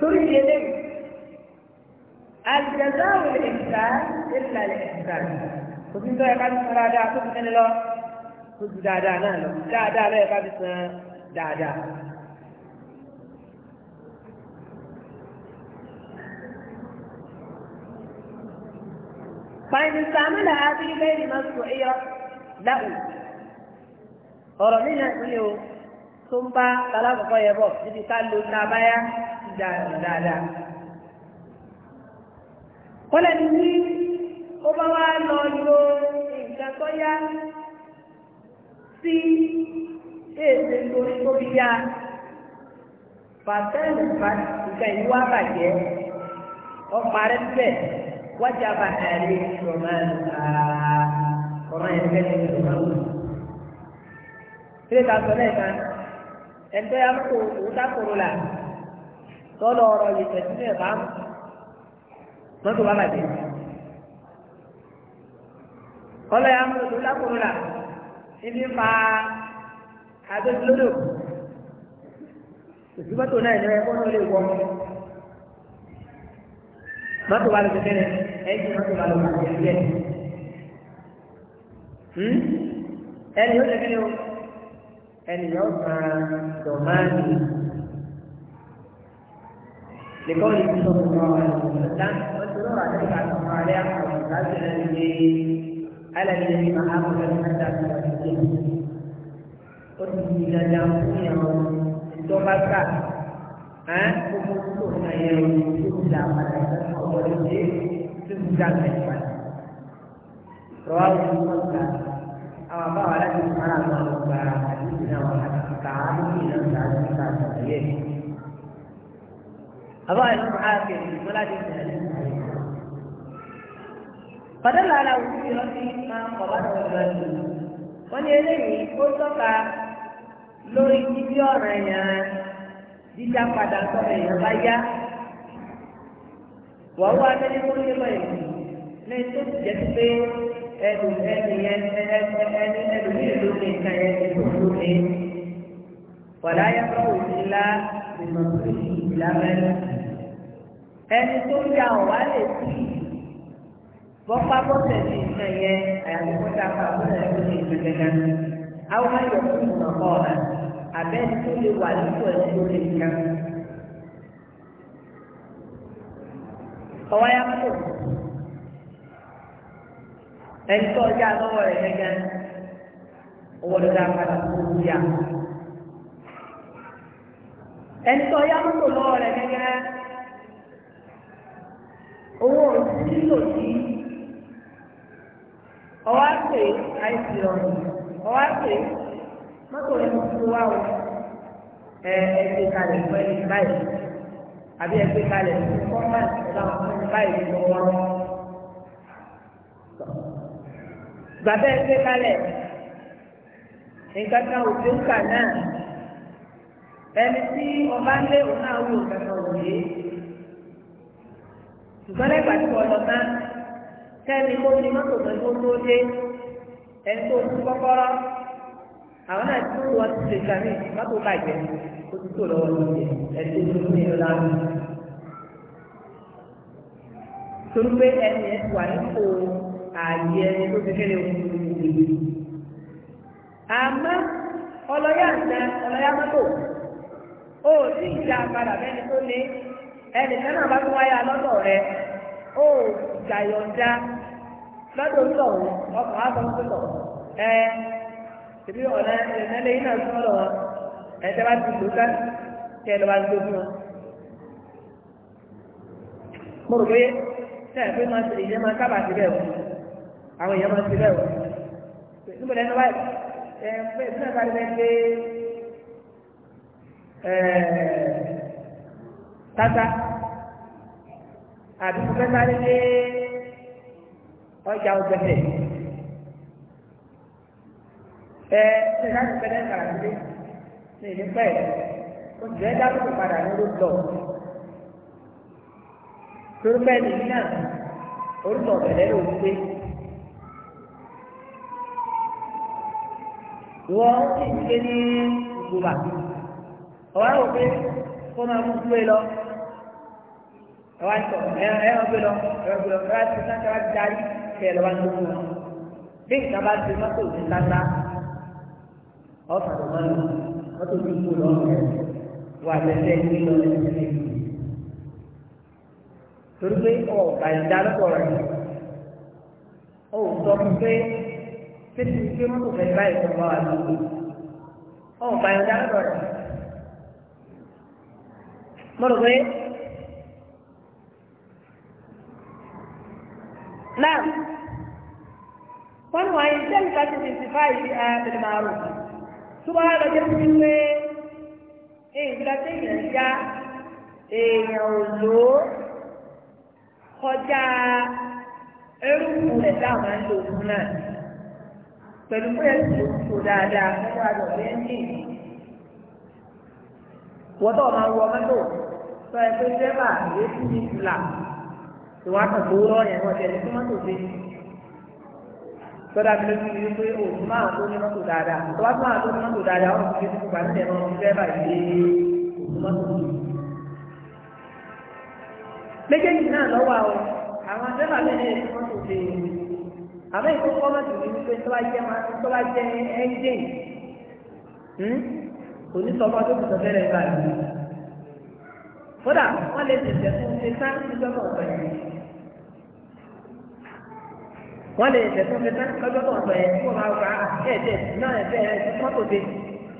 Torí ìdílé الجزاء الإحسان إلا الإحسان. وفي ذلك أن هذا أعطوك من الله tó ju dáadáa náà lọ dáadáa lẹ́yìn bá fi san dáadáa. فإن استعمل هذه غير مشروعية له ọ̀rọ̀ mi náà ní o tó ń bá alákọ̀ọ́kọ́ yẹ bọ̀ níbi ká lo nàbáyá dáadáa. kọ́lẹ̀ ní ó bá wá lọ tí èdè lórí tó fi yá bàtẹ́ẹ̀lì ìka ìlú wa bàjẹ́ ọ̀pá rẹ̀ bẹ̀ wájà bá ẹ̀rí ìrọ̀mọ́ ọ̀rọ̀ yẹn bẹ́ẹ̀ ní ìrọ̀mọ́ ọ̀rọ̀. Tíréta sọ lẹ́ẹ̀kan, ẹ̀ńtọ́ ya kó òwúta kòrò là tọ́lọ̀ ọ̀rọ̀ yìí tẹ̀sí bẹ́ẹ̀ bá mọ́tò wa bàjẹ́. Ọlọ́yà mú òwúta kòrò là ibi fa adójúlódò ìsúmọ́tò náà ní ẹ̀kọ́ náà lè wọ́ mọ́tò wa lè fi kẹ́lẹ̀ ẹ̀yìn mọ́tò wa lè wà ní ẹ̀yẹ ẹni yóò lè kẹ́lẹ̀ o ẹni yóò san dọ̀mánì lẹ́kọ̀ọ́ yìí tó sọ̀rọ̀ ọ̀rọ̀ ẹ̀sán wọ́n ti rọrùn àti ìgbà tó ń rọrùn alẹ́ àkọ́kọ́ ìgbà tó ń rọrùn على الذي معه حتى تنسيه قلت إذا جاءوا يوم تبقى ها ومسكونا يوم تبقى مدرسة أول شيء تبقى مدرسة رواه مسلم أو قال إن الله وبارك وحكى إلى أبا الحافظ ولا تنسى fàdánù ara wùdí lọ sí máa ń kọ̀ bá lọ́wọ́ ìgbà yìí wọ́n ní eléyìí ó tọ́ka lórí bíbí ọ̀rọ̀ ẹ̀yàn dídá padà sọ̀rọ̀ èèyàn bá yá wọ́n wá abẹ́lé tó lé lọ èyí ní tó ti jẹ́ pé ẹnu ẹni yẹn ẹni ẹnu mi ló lè ka yẹn ẹnu ló lè wàlá yàtọ̀ òsì la ìmọ̀ òsì ìlànà ẹni tó yà ọ̀ wá lè sí i bọ́pá bọ́sẹ̀ sí nǹkan yẹn àyàfi kó ta pa àbúrò ẹ̀ lórí ìlú gẹ́gẹ́ ní. àwọn máa yọ fún ìmọ̀ kọ́ ọ̀la àbẹ́ tó lè wà nípò ẹ̀ lórí nǹkan. ọwọ́ ya kò ẹni tó ọjà lọ́wọ́ rẹ̀ gẹ́gẹ́ owó ló padà kó o yá. ẹni tó ọjà lọ́wọ́ rẹ̀ gẹ́gẹ́ owó òsì lòdì ọwọ́ àpè àìsí ọ̀rọ̀ ọwọ́ àpè mọ́tò rẹ̀ mú fún wa o ẹ ẹgbẹ́ kalẹ̀ fún ẹni báyìí àbí ẹgbẹ́ kalẹ̀ fún kọ́ńtàǹtì láwọn fún ẹni báyìí lọ́wọ́ gbàbẹ́ ẹgbẹ́ kalẹ̀ nǹkan kan ò tó ń kà náà ẹni tí ọba ń lé òun náà wò kankan òye ṣùgbọ́n lẹ́gbàá tí wọ́n náà. kẹ́ni kó ní mọ́tò tó tó tó dé ẹni tó ti kọ́kọ́rọ́ àwọn náà tí wọ́n ti ṣe kàmí mọ́tò bàjẹ́ ó ti tó lọ́wọ́ ẹni tó tó ní ìlú torí pé ẹni ẹ wà nípò ààyè ẹni tó ti àmọ́ ọlọ́yà ń tẹ ọlọ́yà mọ́tò ó ja padà lọ́dọ̀ onítọ̀ wọn ọkọ̀ á sọ fún ẹ ìbí ọ̀nà ìrìnàlẹ̀ yìí náà sọ̀rọ̀ ẹ̀jẹ̀ bá ti lò sáré kí ẹ lọ́ bá gbé fún wọn. mo rò pé pé máa ṣe ìyẹn máa sábà ti bẹ́ẹ̀ àwọn máa ti bẹ́ẹ̀ níbo lẹ́nu ẹ pé bẹ́ẹ̀ tata àbí mo fẹ́ ọjà ọgbẹ́fẹ̀. ẹ ṣe láti fẹ́rẹ́ kàrà sí ní ìlú pẹ́ oṣù rẹ̀ dábòbò padà ní orúkọ. torí pẹ́ nìyí náà orúkọ ọ̀bẹ̀rẹ̀ ló ń gbé. ìwọ ti ń gbé ní ìgbòba ọ̀wá rò pé kó máa mú dúró lọ ọ̀wá ń sọ ẹ ẹ ọ̀gbẹ́ lọ ẹ ọ̀gbẹ́ lọ ẹ wá ti sáńtà wá ti darí kẹ́ lọ́wọ́ ní fún wọn bí nǹkan bá ti mọ́tò ní sáta ọ̀sán ló máa ń lò mọ́tò ní kú lọ́wọ́ wà lẹ́sẹ̀ ní lọ lẹ́sẹ̀ torí pé ọ̀ àìdálọ́pọ̀ rẹ̀ ó sọ fún pé títí pé mọ́tò fẹ́ báyìí tó wà lóko ọ̀ àìdálọ́pọ̀ rẹ̀ mọ́tò pé. náà wọ́n wá yìí sẹ́yìn ká ti ti fà yìí àbẹ̀lẹ̀ máa rò tó bá lọ jẹ́ fún pé ìgbà téèyàn já èèyàn ò lò ó kọjá eruku rẹ̀ dáhùn máa ń lò fún náà pẹ̀lú pé ẹ̀sìn ló kú dáadáa fún wa lọ bẹ́ẹ̀ ní ìlú. wọ́n tó máa wọ mọ́tò sọ ẹ̀ pé ìwà àtàkùn rọ yẹn wọ́n tẹ̀lé fún mọ́tò gbé tọ́da tó lójú yìí pé òun máa tó ní mọ́tò dáadáa tó bá máa tó ní mọ́tò dáadáa wọ́n ti fi gbà nílẹ̀ lọ́rùn fẹ́ẹ́bà yìí òun mọ́tò gbé. méjèèjì náà lọ́wọ́ àwọn àwọn fẹ́ẹ́bà bẹ́ẹ̀ ní mọ́tò gbé àmọ́ ìkókó mọ́tò ní wípé tó bá jẹ́ tó bá jẹ́ ẹ́ńjìn kò ní sọ fọ́tò tó fẹ́rẹ̀ gbà yìí. kódà wọ́n lè tẹ̀sẹ̀ fún ṣe sáà wọ́n lè tẹ̀sán fẹ́tán lọ́jọ́ tó ń sọ yẹn kó máa gba ah, ẹ̀ẹ́dẹ̀ náà ẹ̀fẹ́ mọ́tò dé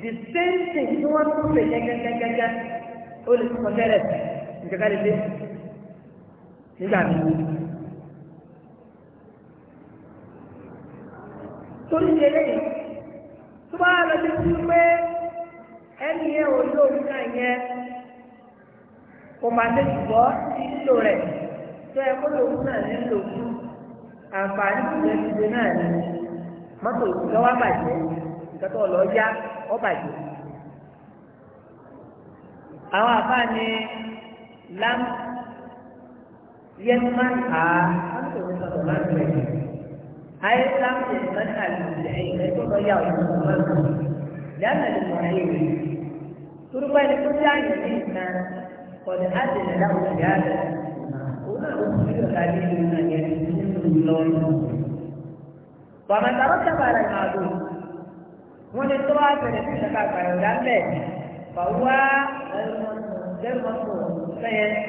the same thing tí wọ́n tún lè gẹ́gẹ́gẹ́gẹ́ ó lè tún kọjá rẹ̀ nǹkan lè dé nígbà mi. torí ṣe lẹ́yìn tó bá lọ sí sí pé ẹni yẹn ò lò nígbà yẹn kò máa tẹ̀sán bọ́ sí lílo rẹ̀ tó ẹ kó lòun náà nílò fún àǹfààní tó yẹ ti ṣe náà ni mọ́tò ìgbà wa bàjẹ́ ìgbà tó lọ yá ọ bàjẹ́. àwọn àbá ni lam yẹn máa ń kà á wọ́n tó ń sọ̀rọ̀ láti rẹ̀ ayé lam yẹn máa ń kà á lè ṣe ìrẹ́ tó lọ yá ọ̀yọ́ tó lọ sọ̀rọ̀ lẹ́yìn lè mọ̀ ayé rẹ̀ turúkọ ẹni tó yá yìí ní ìtàn kọ̀dé á lè lẹ́yìn láwùjọ yá òun náà ló ń fi ọ̀gá ní ìlú náà lọ́nà pàmẹ́tàrọ́ sábàrà ìmàdó wọ́n lè tó wá bẹ̀rẹ̀ sí ìṣẹ̀ká àgbàyọ̀ lálẹ́ pàwọ́ ẹ̀rọ̀mọ̀tò fẹ́yẹ́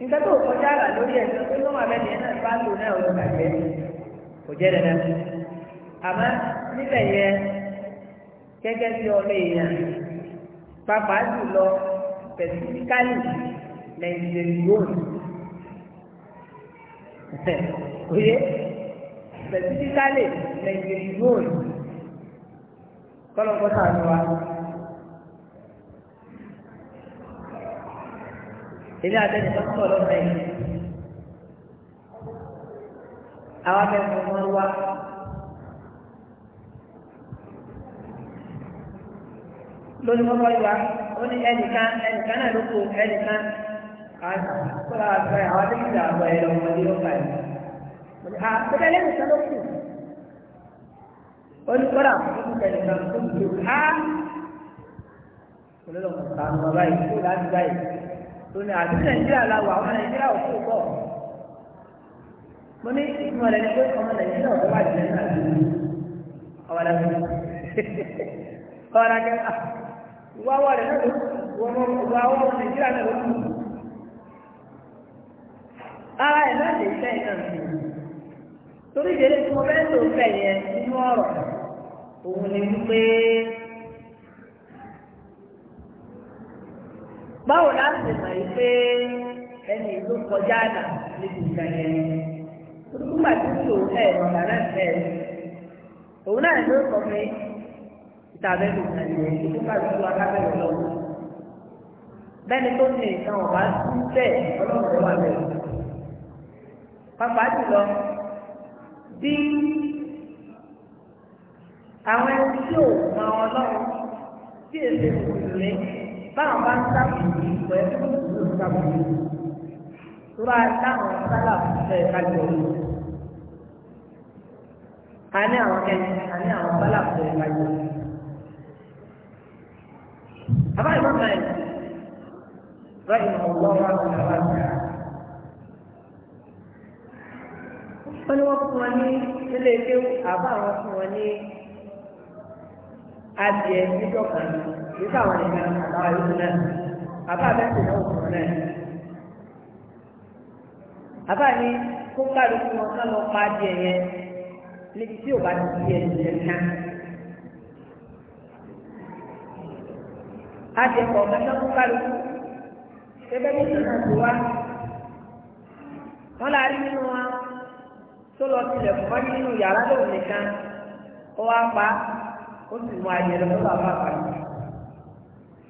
nǹkan tó kọjá àlà lórí ẹ̀ tó tó máa bẹ́ẹ̀ náà bá lò náà ọ̀rọ̀ bàjẹ́ kò jẹ́ dandan àmọ́ níbẹ̀ yẹn gẹ́gẹ́ bí ọmọ èèyàn pàápàá jùlọ pẹ̀sìkálì nàìjíríà lónìí òye pẹ̀sìkálì nàìjíríà lónìí kọ́lọ́kọ́ sàánú ilé àtẹ́ni tó kọ̀ lọ́mọ yìí àwọn akẹ́kọ̀ọ́ wọn wá lórí wọn wáyé wa ó ní ẹnìkan ẹnìkan náà ló kó ẹnìkan àwọn àgbẹ̀ àwọn akẹ́kọ̀ọ́ àwọn ẹ̀rọ ọmọdé ló kà yìí àpẹẹrẹ lẹ́yìn tó ló kù ó ní kọ́ra fún ẹnìkan tó kù á olóòtú sàn lọ báyìí kó láti báyìí. lónìí àti nàìjíríà la wà nàìjíríà ò tó bọ mo ní ìmọ̀ rẹ̀ pé ọmọ nàìjíríà ò náà rẹ̀ náà ló wọ́n wọ́n ọmọ nàìjíríà náà ló kù ara ẹ̀ náà lè fẹ́ torí ìdílé tí mo fẹ́ tó yẹn nínú ọ̀rọ̀ òun ni wípé. báwo láti mọ̀ yìí pé ẹni ìlú kọjá àná níbi ìgbà yẹn nígbà tí kò ẹ̀ ọ̀gá náà ẹ̀ òun náà ló sọ pé ìtàbẹ́ ló ń tẹ̀lé nígbà tí kò akábẹ́rẹ́ lọ́wọ́ bẹ́ẹ̀ni tó ní nǹkan ọ̀bá sí bẹ́ẹ̀ ọlọ́run wà bẹ́ẹ̀ pàápàá jùlọ bí àwọn ẹni tí ò mọ ọlọ́run tí èsì kò lè báwọn bá ń sábùkù ìgbọ́ ẹ fún ìlú sábùkù tó bá dáhùn sálà fún ẹ kájọ yìí a ní àwọn ẹni a ní àwọn sálà fún ẹ kájọ yìí. àbá ìmọ̀ náà rẹ̀ ìmọ̀ ọ̀gbọ́n wa ló ń bá ta. wọ́n ní wọ́n fún wọn ní ilé ìkéwù àbá àwọn fún wọn ní adìẹ níjọ́ kan yìí. kì í sáwọn nìkan àtàwọn náà bàbá abẹ́sẹ̀ náà wò náà. bàbá ní kó kálukú wọn ká lọ pa di ká. adìẹ kó náà wá. wọ́n nínú wa tó lọ sílẹ̀ fún wájú nínú yàrá lóun nìkan ó wá pa ó sì mú ayẹyẹ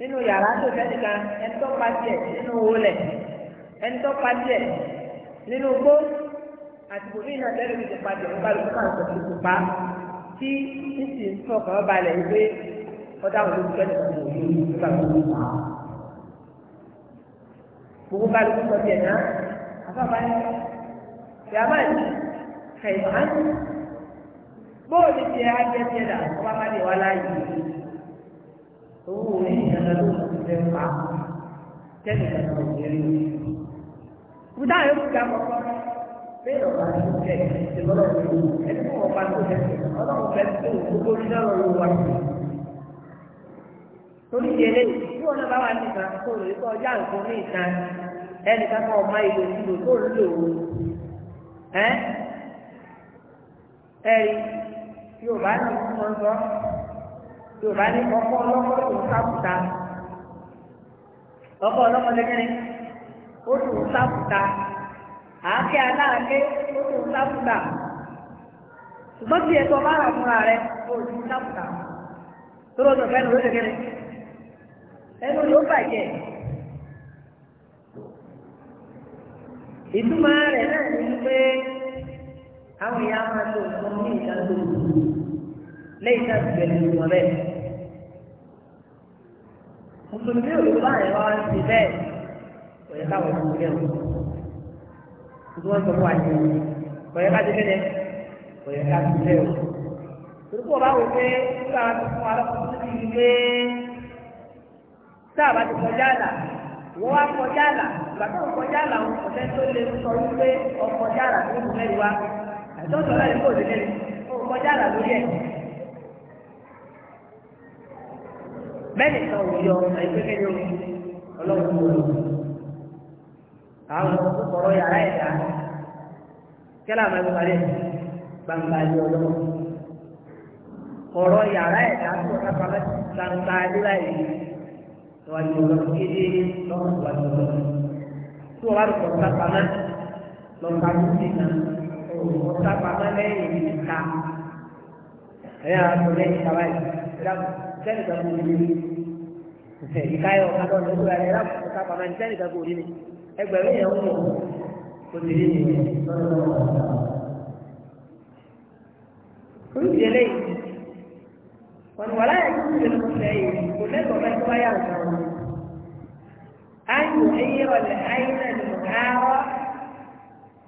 nínú yàrá tó fẹ́nìkan ẹni tó pa tiẹ̀ nínú wọlẹ̀ ẹni tó pa tiẹ̀ nínú gbó àtìkù ní ìnà tẹ́lẹ̀ mi ti pa tiẹ̀ nípa lóko kan sọ̀tún tó pa tí ìsì ń fọkàn balẹ̀ wípé ọ̀dà òun ló ń fẹ́ẹ́ tó wù yìí nípa gbogbo wa. gbogbo bá lóko sọ tiẹ̀ náà àfọ̀bá ni yàrá yìí kẹ̀yìn máa ń bóòlù tiẹ̀ á jẹ́ tiẹ̀ dà ọba má lè owó orí ìjọba tó ti fẹ́ pa tẹ́lẹ̀ kan tó ti rí i. Bùdá yóò fi àkọ́kọ́ bẹ́ẹ̀ lọ́ba tó jẹ́ ìṣèlọ́lọ́ ìlú ẹni fún ọba tó jẹ́ ọlọ́run fẹ́ tó gbogbo onídàá lọ́wọ́ wa. Torí ìdílé tí wọn náà bá wà nígbà tó lè kọ́ ọjà nǹkan ní ìta ẹnì kan kọ́ ọmọ ìlú ìlú tó ń lò ó. Ẹ ẹ̀rí Yorùbá náà fún wọn sọ. yorùbá ní ọkọ ọlọ́mọ tó ń sábùtà ọkọ ọlọ́mọ lẹ́gẹ́rẹ́ ó tó ń sábùtà àáké aláàké ó tó ń sábùtà ṣùgbọ́n tí ẹ̀tọ́ bá rà fúnra ó tó ń tó lọ́dọ̀ ló ẹnu ló bàjẹ́ ìtumọ̀ rẹ̀ náà ní lẹ́yìn náà ti bẹ̀rẹ̀ lórí mùsùlùmí ò lè bá àyẹ̀wò ti bẹ́ẹ̀ ọ̀yẹ́ káwọn ọmọ ìlú ẹ̀kọ́. nítorí wọn sọ fún wa ti ọ̀yẹ́ ká ti bẹ́ẹ̀ ọ̀yẹ́ ká ti bẹ́ẹ̀ o. torípò ọba wò pé nígbà fún arákùnrin tó ti gbé sáà bá ti kọjá àlà wọ́n wá kọjá àlà ìgbà tó ń kọjá àlà wọn kò fẹ́ tó sọ wípé ọkọjá àlà tó ń mẹ́rin wa àti tó ń sọ láti kó òdìlẹ́yìn ó àlà lórí ẹ̀ bẹ́ẹ̀ni kan ò yọ àìpẹ́kẹ́ ní omi ọlọ́run tó lò àwọn ọ̀rọ̀ yàrá ẹ̀dá kẹ́lá máa ń parí gbangba ní ọlọ́run ọ̀rọ̀ yàrá ẹ̀dá tó kápá gbangba nílá yìí wájú ọlọ́run kéde lọ́wọ́ wájú ọlọ́run tó wà lọ́kọ̀ sápá náà lọ́ka tó ti nà ọ̀rọ̀ sápá lẹ́yìn ìta ẹ̀yà àtúnlẹ̀ ìta báyìí nìkan kò rí mi ìkáyọ̀ kátó ní ìgbà rẹ̀ láti ká pàmò ẹni sẹ́ni kan kò rí ẹgbẹ̀rún yẹn ń lò kò sí rí mi oríṣi eléyìí wọn wà láyé kí wọn lè fẹ́ yìí kò lẹ́kọ̀ọ́ bẹ́ẹ̀ tó bá yà wọn. ayò ẹyẹ ọ̀lẹ̀ ayé náà ni mo ká wá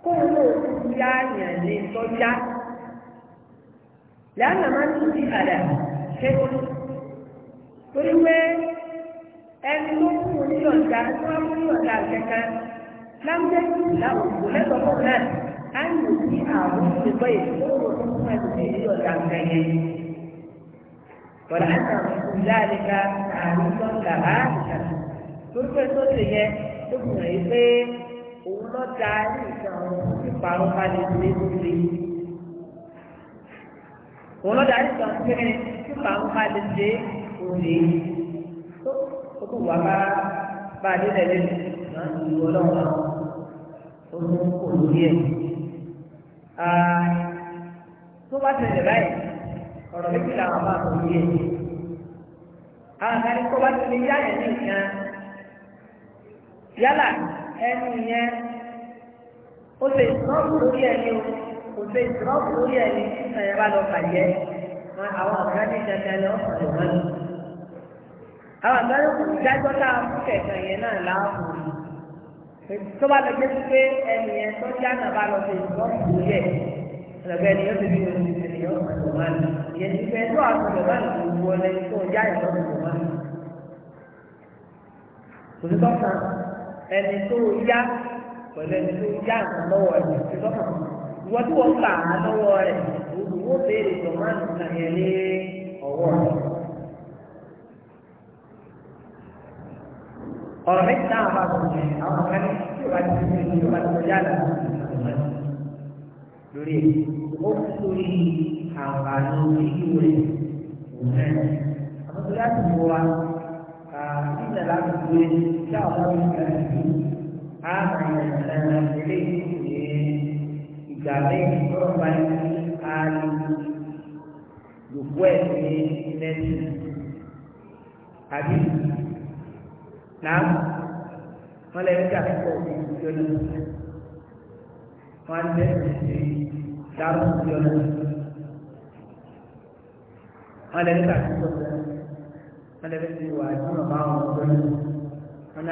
kó o lò ti padà ṣé torí pé ẹni tó kú oníyọ̀ǹda tó wá mú oníyọ̀ǹda àtẹ̀kẹ́ lámúdẹ́sì láwùjọ lẹ́tọ̀ọ́ náà á ń lò sí àwọn ìgbẹ́ ìṣòro tó fún ẹni tó oníyọ̀ǹda àtẹ̀yẹ. Bọ̀dá àtàwọn ìlú àlejò àrùn tó ń gà bá àṣà lórí pé tó ṣe yẹ tó fi hàn pé òun lọ ní ìtàn ọ̀hún balẹ̀ lé lórí. Òun lọ ní ìtàn ọ̀hún sí balẹ̀ lé lórí ṣe ó tún wà bá bá a délẹ̀ lé máa ń lu ọlọ́run àwọn ó tún kò lórí ẹ̀. tó bá tẹ̀lé báyìí ọ̀rọ̀ méjì làwọn bá kò lórí ẹ̀. àwọn kan ní kó bá tẹ̀lé yá ẹ̀ ní ìyá yálà ẹnu yẹn ó lè sọ́ọ̀bù lórí ẹni o kò lè sọ́ọ̀bù lórí ẹni ẹ̀yẹ bá lọ bàjẹ́ àwọn àgbà ní dandan lọ́sọ̀rọ̀ wọn àwọn àgbà yóò kún ìdájọ́ tá a mú kẹ̀kẹ́ yẹn náà láàbò tó bá lọ jẹ́ pé ẹnì yẹn tó já náà bá lọ sí ìfọ́nù yẹ ẹ̀rọ̀gbẹ́ ni yóò ti fi oṣù tẹ̀lé yóò mọ̀ tó máa lò yẹn ti fẹ́ tó àtúntò máa lò wù ọ lẹ́yìn tó já ìfọ́nù tó máa lò. òtítọ́ kan ẹni tó yá pẹ̀lú ẹni tó yá nǹkan lọ́wọ́ ẹ̀ òtítọ́ kan ìwọ́n tí wọ́n gbà ọ̀rọ̀ méjì náà bá wọn jẹ àwọn kan ní tí o bá ti fi ní o bá ti kọjá àlà lórí ẹ̀ ó fi sórí àǹfààní ìlú rẹ̀ òun náà àwọn tó jadi, mọ́ wa ká nígbà láti gbé tí àwọn ọmọ mi kà sí á máa ń rẹ̀ ẹ̀ lé ìgbà lẹ́yìn tó ń bá yẹn á lè lòpọ̀ ẹ̀ ní nẹ́ẹ̀tì àbí. náà wọ́n lè rí àkókò ìdíjọ́ náà wọ́n á tẹ́ ìdíjọ́ dáhùn ìdíjọ́ náà wọ́n lè rí àkókò wọ́n lè rí And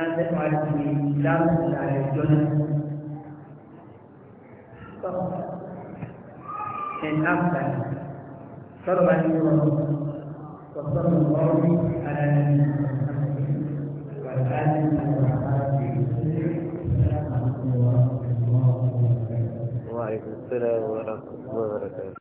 صلى الله عليه وسلم وصلى الله على نبينا وعليكم السلام ورحمة الله وبركاته